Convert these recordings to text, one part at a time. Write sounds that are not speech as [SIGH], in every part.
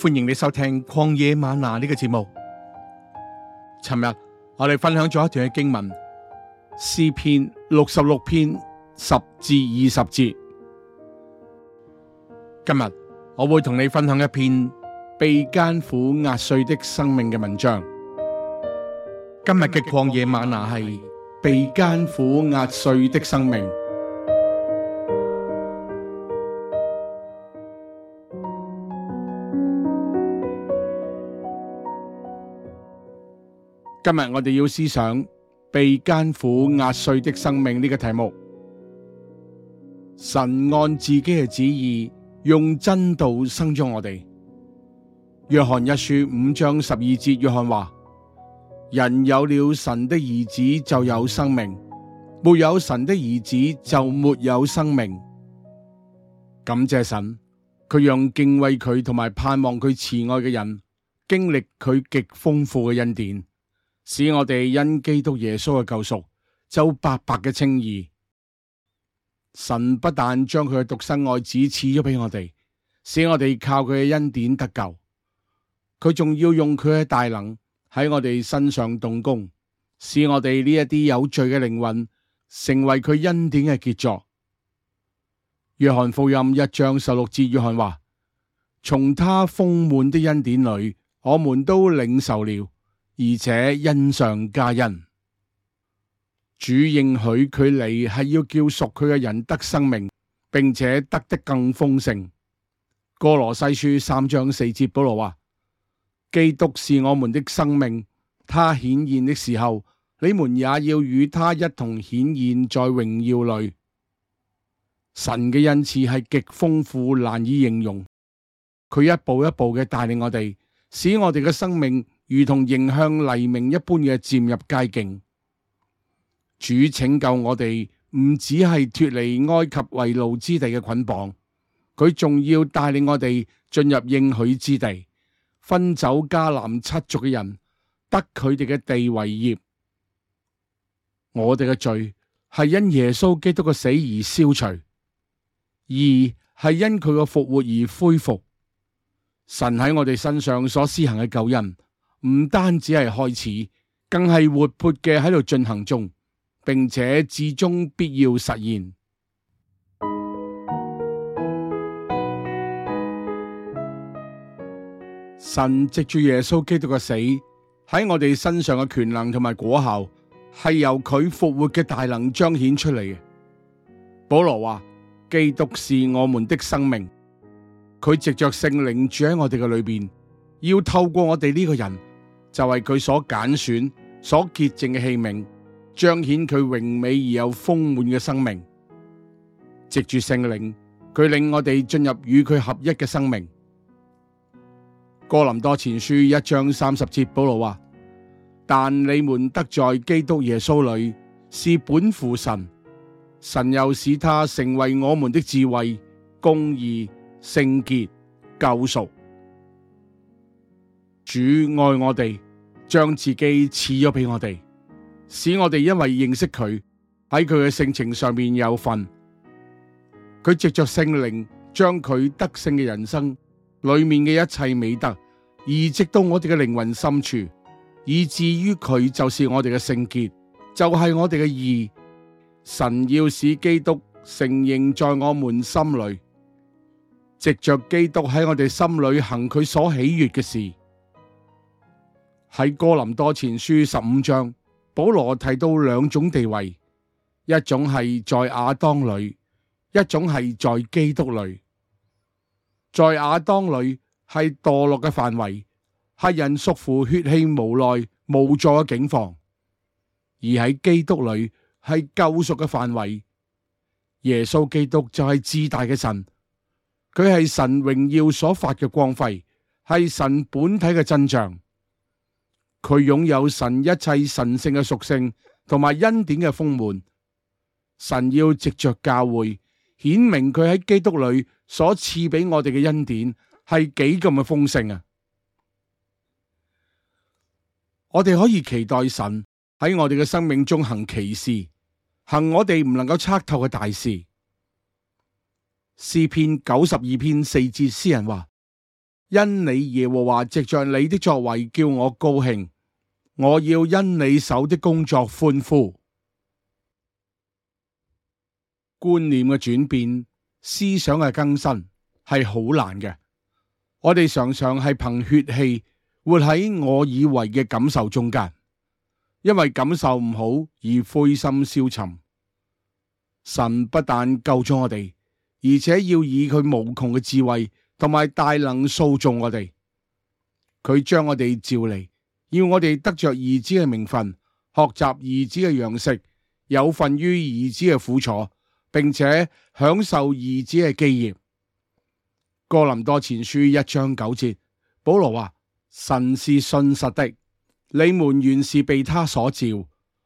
歡迎你收聽《曠野嗎哪》呢個節目。尋日我哋分享咗一段嘅經文，詩篇六十六篇十至二十節。今日我會同你分享一篇被艱苦壓碎的生命嘅文章。今日嘅曠野嗎哪係被艱苦壓碎的生命。今日我哋要思想被艱苦壓碎的生命呢個題目。神按自己嘅旨意用真道生咗我哋。約翰一書五章十二節，約翰話：人有了神的兒子就有生命，沒有神的兒子就沒有生命。感謝神，佢讓敬畏佢同埋盼望佢慈愛嘅人經歷佢極豐富嘅恩典。使我哋因基督耶穌嘅救贖，就白白嘅稱義。神不但將佢嘅獨生愛子賜咗俾我哋，使我哋靠佢嘅恩典得救，佢仲要用佢嘅大能喺我哋身上動工，使我哋呢一啲有罪嘅靈魂成為佢恩典嘅傑作。約翰福音一章十六節，約翰話：從他豐滿的恩典裏，我們都領受了。而且恩上加恩，主應許佢嚟係要叫屬佢嘅人得生命，並且得得更豐盛。哥羅西書三章四節保羅話：基督是我們的生命，他顯現的時候，你們也要與他一同顯現在榮耀裏。神嘅恩賜係極豐富，難以形容。佢一步一步嘅帶領我哋，使我哋嘅生命。如同迎向黎明一般嘅漸入佳境，主拯救我哋唔只係脫離埃及為奴之地嘅捆綁，佢仲要帶領我哋進入應許之地，分走迦南七族嘅人得佢哋嘅地為業。我哋嘅罪係因耶穌基督嘅死而消除，而係因佢嘅復活而恢復。神喺我哋身上所施行嘅救恩。唔單止係開始，更係活潑嘅喺度進行中，並且至終必要實現。神藉住耶穌基督嘅死喺我哋身上嘅權能同埋果效，係由佢復活嘅大能彰顯出嚟嘅。保羅話：「基督是我們的生命，佢藉着聖靈住喺我哋嘅裏面，要透過我哋呢個人。就係佢所揀選、所潔淨嘅器皿，彰顯佢榮美而又豐滿嘅生命。藉住聖靈，佢令我哋進入與佢合一嘅生命。哥林多前書一章三十節，保羅話：但你們得在基督耶穌裏，是本乎神，神又使他成為我們的智慧、公義、聖潔、救贖。主愛我哋，將自己賜咗俾我哋，使我哋因為認識佢喺佢嘅性情上面有份。佢藉着聖靈將佢得勝嘅人生裏面嘅一切美德移植到我哋嘅靈魂深處，以至於佢就是我哋嘅聖潔，就係、是、我哋嘅義。神要使基督承認在我們心裏，藉着基督喺我哋心裏行佢所喜悅嘅事。喺哥林多前書十五章，保羅提到兩種地位，一種係在亞當裏，一種係在基督裏。在亞當裏係墮落嘅範圍，係人屬乎血氣無、無奈無助嘅境況；而喺基督裏係救贖嘅範圍。耶穌基督就係至大嘅神，佢係神榮耀所發嘅光輝，係神本體嘅真像。佢擁有神一切神聖嘅屬性同埋恩典嘅豐滿，神要藉着教會顯明佢喺基督裏所賜俾我哋嘅恩典係幾咁嘅豐盛啊！我哋可以期待神喺我哋嘅生命中行奇事，行我哋唔能夠測透嘅大事。詩篇九十二篇四節詩人話。因你耶和華藉着你的作為叫我高興，我要因你手的工作歡呼。觀念嘅轉變、思想嘅更新係好難嘅。我哋常常係憑血氣活喺我以為嘅感受中間，因為感受唔好而灰心消沉。神不但救咗我哋，而且要以佢無窮嘅智慧。同埋大能塑造我哋，佢將我哋召嚟，要我哋得着兒子嘅名分，學習兒子嘅樣式，有份於兒子嘅苦楚，並且享受兒子嘅基業。哥林多前書一章九節，保羅話：神是信實的，你們原是被他所召，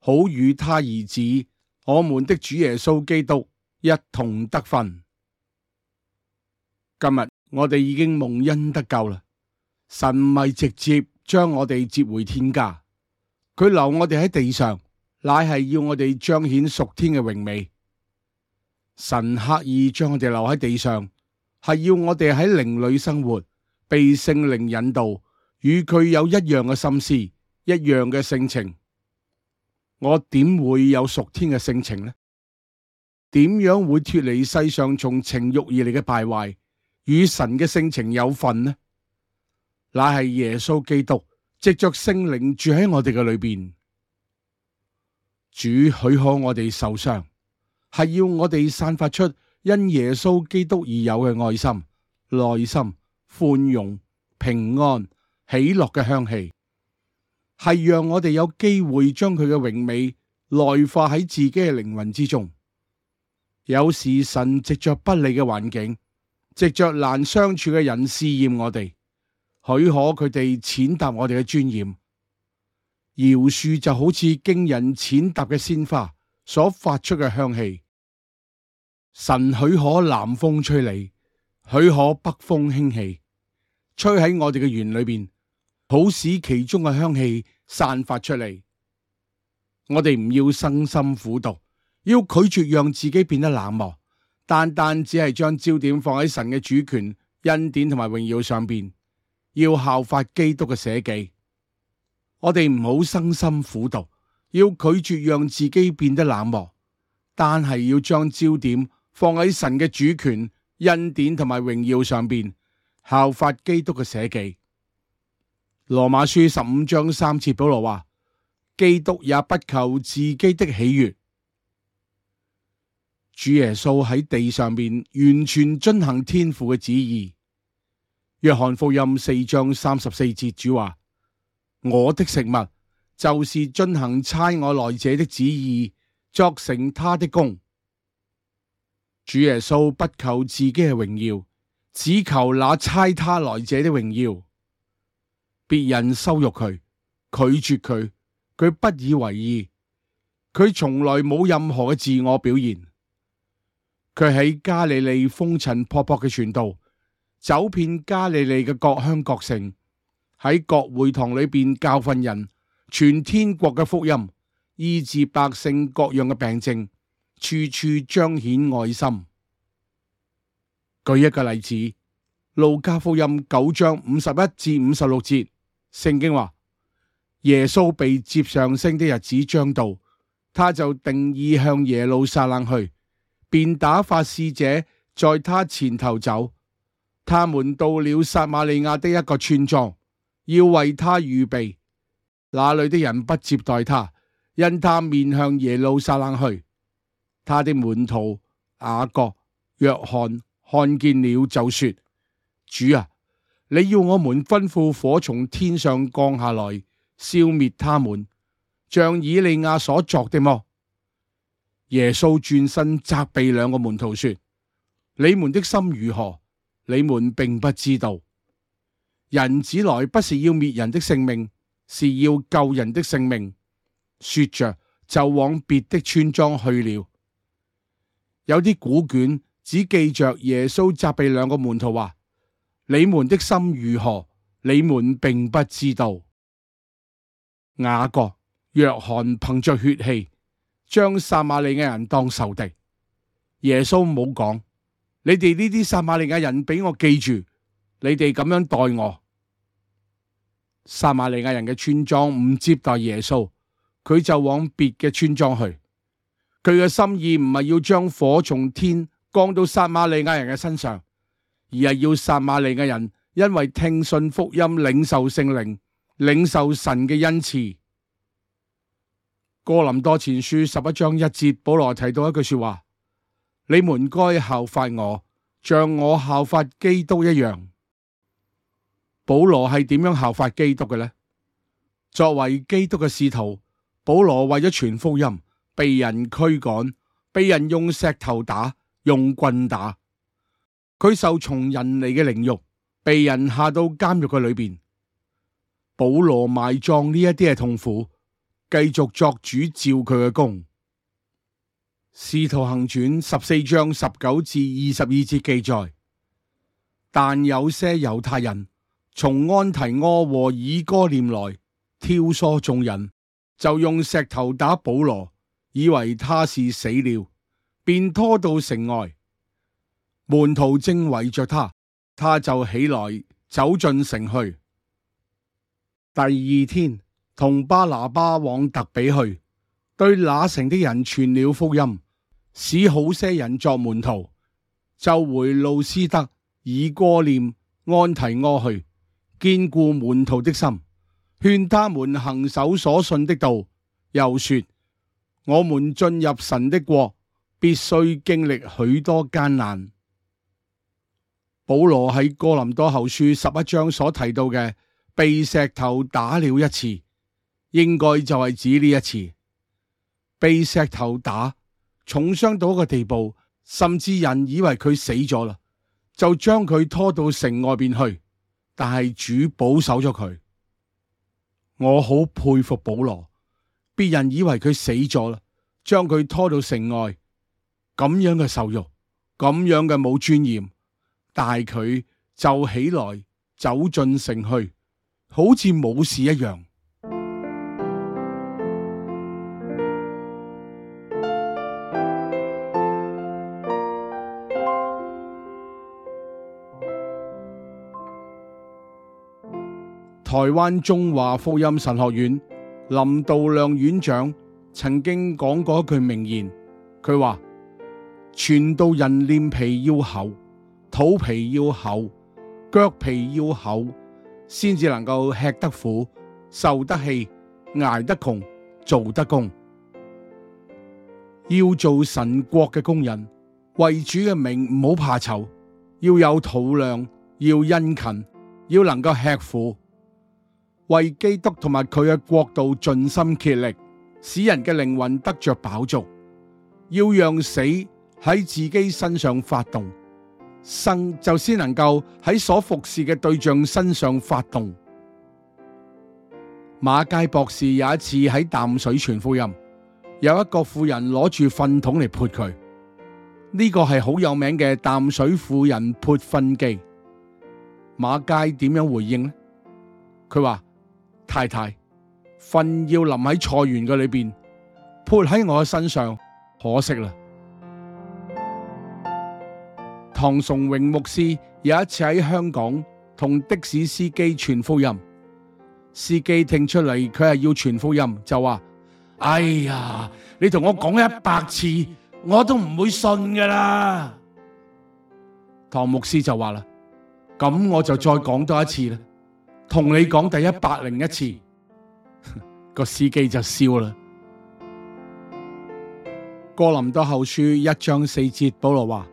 好與他兒子我們的主耶穌基督一同得分。今日。我哋已經蒙恩得救啦，神唔係直接將我哋接回天家，佢留我哋喺地上，乃係要我哋彰顯屬天嘅榮美。神刻意將我哋留喺地上，係要我哋喺靈裏生活，被聖靈引導，與佢有一樣嘅心思，一樣嘅性情。我點會有屬天嘅性情呢？點樣會脫離世上從情欲而嚟嘅敗壞？與神嘅性情有份呢？乃係耶穌基督藉着聖靈住喺我哋嘅裏邊。主許可我哋受傷，係要我哋散發出因耶穌基督而有嘅愛心、耐心、寬容、平安、喜樂嘅香氣，係讓我哋有機會將佢嘅榮美內化喺自己嘅靈魂之中。有時神藉着不利嘅環境，藉着難相處嘅人試驗我哋，許可佢哋踐踏我哋嘅尊嚴。饒恕就好似經人踐踏嘅鮮花所發出嘅香氣。神許可南風吹嚟，許可北風興起，吹喺我哋嘅園裏面，好使其中嘅香氣散發出嚟。我哋唔要生心苦毒，要拒絕讓自己變得冷漠。單單只係將焦點放喺神嘅主權、恩典同埋榮耀上邊，要效法基督嘅捨己。我哋唔好生心苦毒，要拒絕讓自己變得冷漠，但係要將焦點放喺神嘅主權、恩典同埋榮耀上邊，效法基督嘅捨己。羅馬書十五章三節保羅話：「基督也不求自己的喜悅。」主耶穌喺地上面完全遵行天父嘅旨意。約翰福音四章三十四節，主話：「我的食物就是遵行差我來者的旨意，作成他的功。」主耶穌不求自己嘅榮耀，只求那差他來者的榮耀。別人羞辱佢、拒絕佢，佢不以為意。佢從來冇任何嘅自我表現。佢喺加利利風塵仆僕嘅傳道，走遍加利利嘅各鄉各城，喺各會堂裏邊教訓人，傳天國嘅福音，醫治百姓各樣嘅病症，處處彰顯愛心。舉一個例子，《路加福音》九章五十一至五十六節，聖經話：耶穌被接上升嘅日子將到，他就定意向耶路撒冷去。便打發使者在他前頭走，他們到了撒瑪利亞的一個村莊，要為他預備。那裏的人不接待他，因他面向耶路撒冷去。他的門徒雅各、約翰看見了，就說：主啊，你要我們吩咐火從天上降下來，消滅他們，像以利亞所作的麼？耶穌轉身責備兩個門徒說：你們的心如何？你們並不知道。人子來不是要滅人的性命，是要救人的性命。說着就往別的村莊去了。有啲古卷只記着耶穌責備兩個門徒話：你們的心如何？你們並不知道。雅各、約翰憑着血氣。將撒瑪利亞人當仇敵，耶穌冇講，你哋呢啲撒瑪利亞人俾我記住，你哋咁樣待我。撒瑪利亞人嘅村莊唔接待耶穌，佢就往別嘅村莊去。佢嘅心意唔係要將火從天降到撒瑪利亞人嘅身上，而係要撒瑪利亞人因為聽信福音，領受聖靈，領受神嘅恩賜。哥林多前書十一章一節，保羅提到一句說話：「你們該效法我，像我效法基督一樣。保羅係點樣效法基督嘅呢？作為基督嘅使徒，保羅為咗傳福音，被人驅趕，被人用石頭打，用棍打，佢受從人嚟嘅凌辱，被人下到監獄嘅裏邊，保羅埋葬呢一啲係痛苦。繼續作主照佢嘅工。《使徒行傳》十四章十九至二十二節記載，但有些猶太人從安提阿和以哥念來挑唆眾人，就用石頭打保羅，以為他是死了，便拖到城外。門徒正圍着他，他就起來走進城去。第二天。同巴拿巴往特比去，對那城的人傳了福音，使好些人作門徒。就回路斯德、以哥念、安提阿去，堅固門徒的心，勸他們行守所信的道。又說：我們進入神的國，必須經歷許多艱難。保羅喺哥林多後書十一章所提到嘅被石頭打了一次。應該就係指呢一次被石頭打，重傷到一個地步，甚至人以為佢死咗啦，就將佢拖到城外邊去。但係主保守咗佢，我好佩服保羅。別人以為佢死咗啦，將佢拖到城外，咁樣嘅受辱，咁樣嘅冇尊嚴，但係佢就起來走進城去，好似冇事一樣。台灣中華福音神學院林道亮院長曾經講過一句名言，佢話：傳道人臉皮要厚，肚皮要厚，腳皮要厚，先至能夠吃得苦、受得氣、捱得窮、做得工。要做神國嘅工人，為主嘅名唔好怕醜，要有肚量，要殷勤，要能夠吃苦。為基督同埋佢嘅國度盡心竭力，使人嘅靈魂得着飽足，要讓死喺自己身上發動，生就先能夠喺所服侍嘅對象身上發動。馬偕博士有一次喺淡水傳福音，有一個婦人攞住糞桶嚟潑佢，呢、這個係好有名嘅淡水婦人潑糞記。馬偕點樣回應咧？佢話。太太，糞要淋喺菜園嘅裏邊，潑喺我嘅身上，可惜啦。唐崇榮牧師有一次喺香港同的士司機傳福音，司機聽出嚟佢係要傳福音，就話：哎呀，你同我講一百次，我都唔會信噶啦。唐牧師就話啦：咁我就再講多一次啦。同你講第一百零一次，個 [LAUGHS] 司機就笑啦。哥林多後書一章四節，保羅話：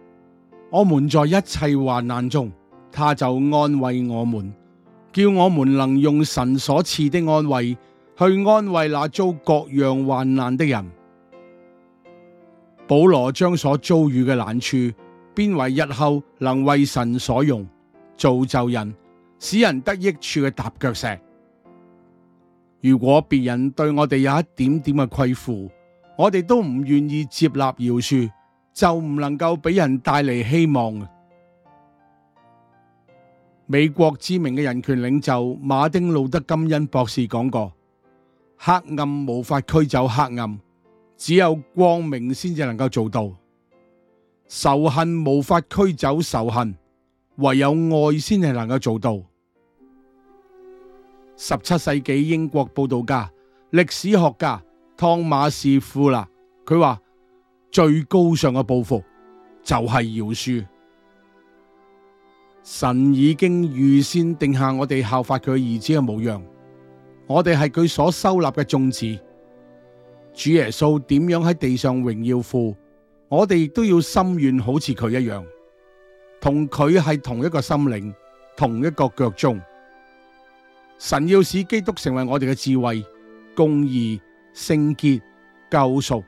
我們在一切患難中，他就安慰我們，叫我們能用神所賜的安慰去安慰那遭各樣患難的人。保羅將所遭遇嘅難處，變為日後能為神所用，造就人。使人得益處嘅踏腳石。如果別人對我哋有一點點嘅愧負，我哋都唔願意接納饒恕，就唔能夠俾人帶嚟希望。美國知名嘅人權領袖馬丁路德金恩博士講過：黑暗無法驅走黑暗，只有光明先至能夠做到；仇恨無法驅走仇恨。唯有愛先係能夠做到。十七世紀英國布道家、歷史學家湯馬士富勒，佢話最高尚嘅報復就係饒恕。神已經預先定下我哋效法佢兒子嘅模樣，我哋係佢所收納嘅眾子。主耶穌點樣喺地上榮耀父？我哋亦都要心願好似佢一樣。同佢係同一個心靈，同一個腳蹤。神要使基督成為我哋嘅智慧、公義、聖潔、救贖。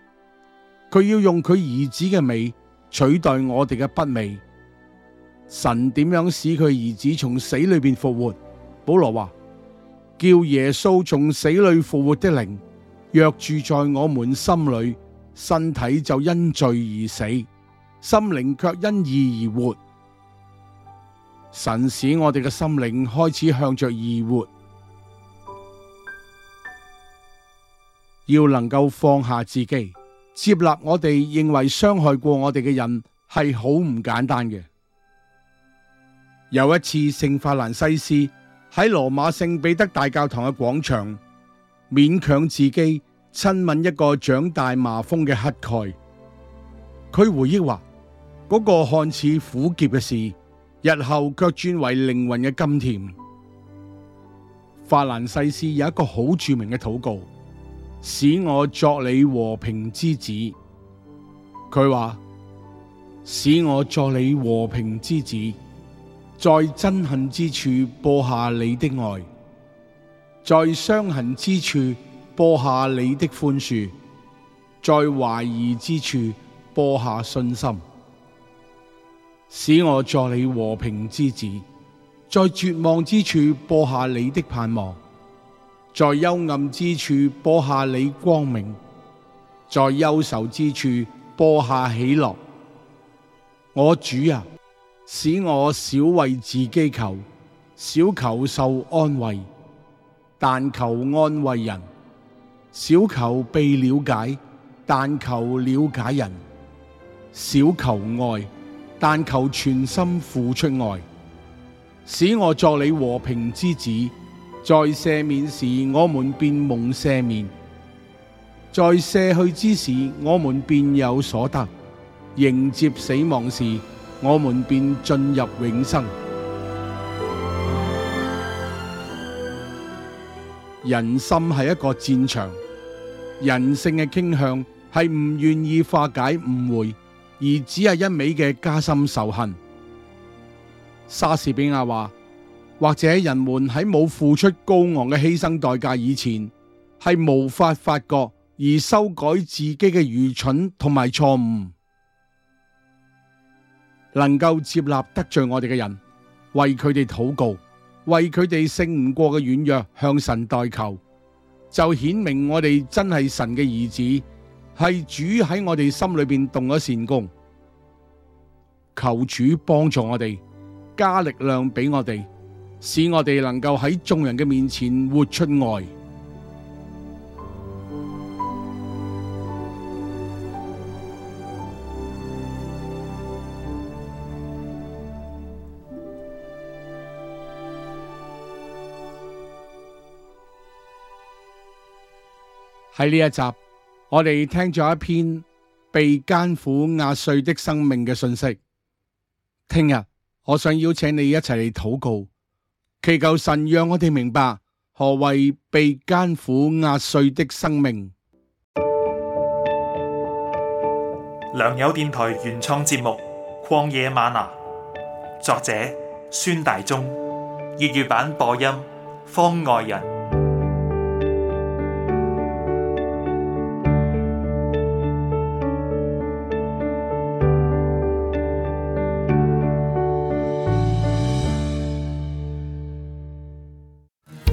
佢要用佢兒子嘅美取代我哋嘅不美。神點樣使佢兒子從死裏邊復活？保羅話：叫耶穌從死裏復活的靈，若住在我們心裏，身體就因罪而死，心靈卻因義而活。神使我哋嘅心靈開始向着義活，要能夠放下自己，接納我哋認為傷害過我哋嘅人，係好唔簡單嘅。有一次，聖法蘭西斯喺羅馬聖彼得大教堂嘅廣場，勉強自己親吻一個長大麻風嘅乞丐。佢回憶話：，嗰、那個看似苦澀嘅事。日後卻轉為靈魂嘅甘甜。法蘭西斯有一個好著名嘅禱告，使我作你和平之子。佢話：使我作你和平之子，在憎恨之處播下你的愛，在傷痕之處播下你的寬恕，在懷疑之處播下信心。使我作你和平之子，在絕望之處播下你的盼望，在幽暗之處播下你光明，在憂愁之處播下喜樂。我主啊，使我少為自己求，少求受安慰，但求安慰人；少求被了解，但求了解人；少求愛。但求全心付出愛，使我作你和平之子。在赦免時，我們便蒙赦免；在捨去之時，我們便有所得；迎接死亡時，我們便進入永生。人心係一個戰場，人性嘅傾向係唔願意化解誤會。而只係一味嘅加深仇恨。莎士比亞話：或者人們喺冇付出高昂嘅犧牲代價以前，係無法發覺而修改自己嘅愚蠢同埋錯誤。能夠接納得罪我哋嘅人，為佢哋禱告，為佢哋勝唔過嘅軟弱向神代求，就顯明我哋真係神嘅兒子。係主喺我哋心裏邊動咗善功，求主幫助我哋，加力量俾我哋，使我哋能夠喺眾人嘅面前活出愛。喺呢一集。我哋聽咗一篇被艱苦壓碎的生命嘅信息，聽日我想邀請你一齊嚟禱告，祈求神讓我哋明白何謂被艱苦壓碎的生命。良友電台原創節目《曠野嗎哪》，作者孫大中，粵語版播音方外人。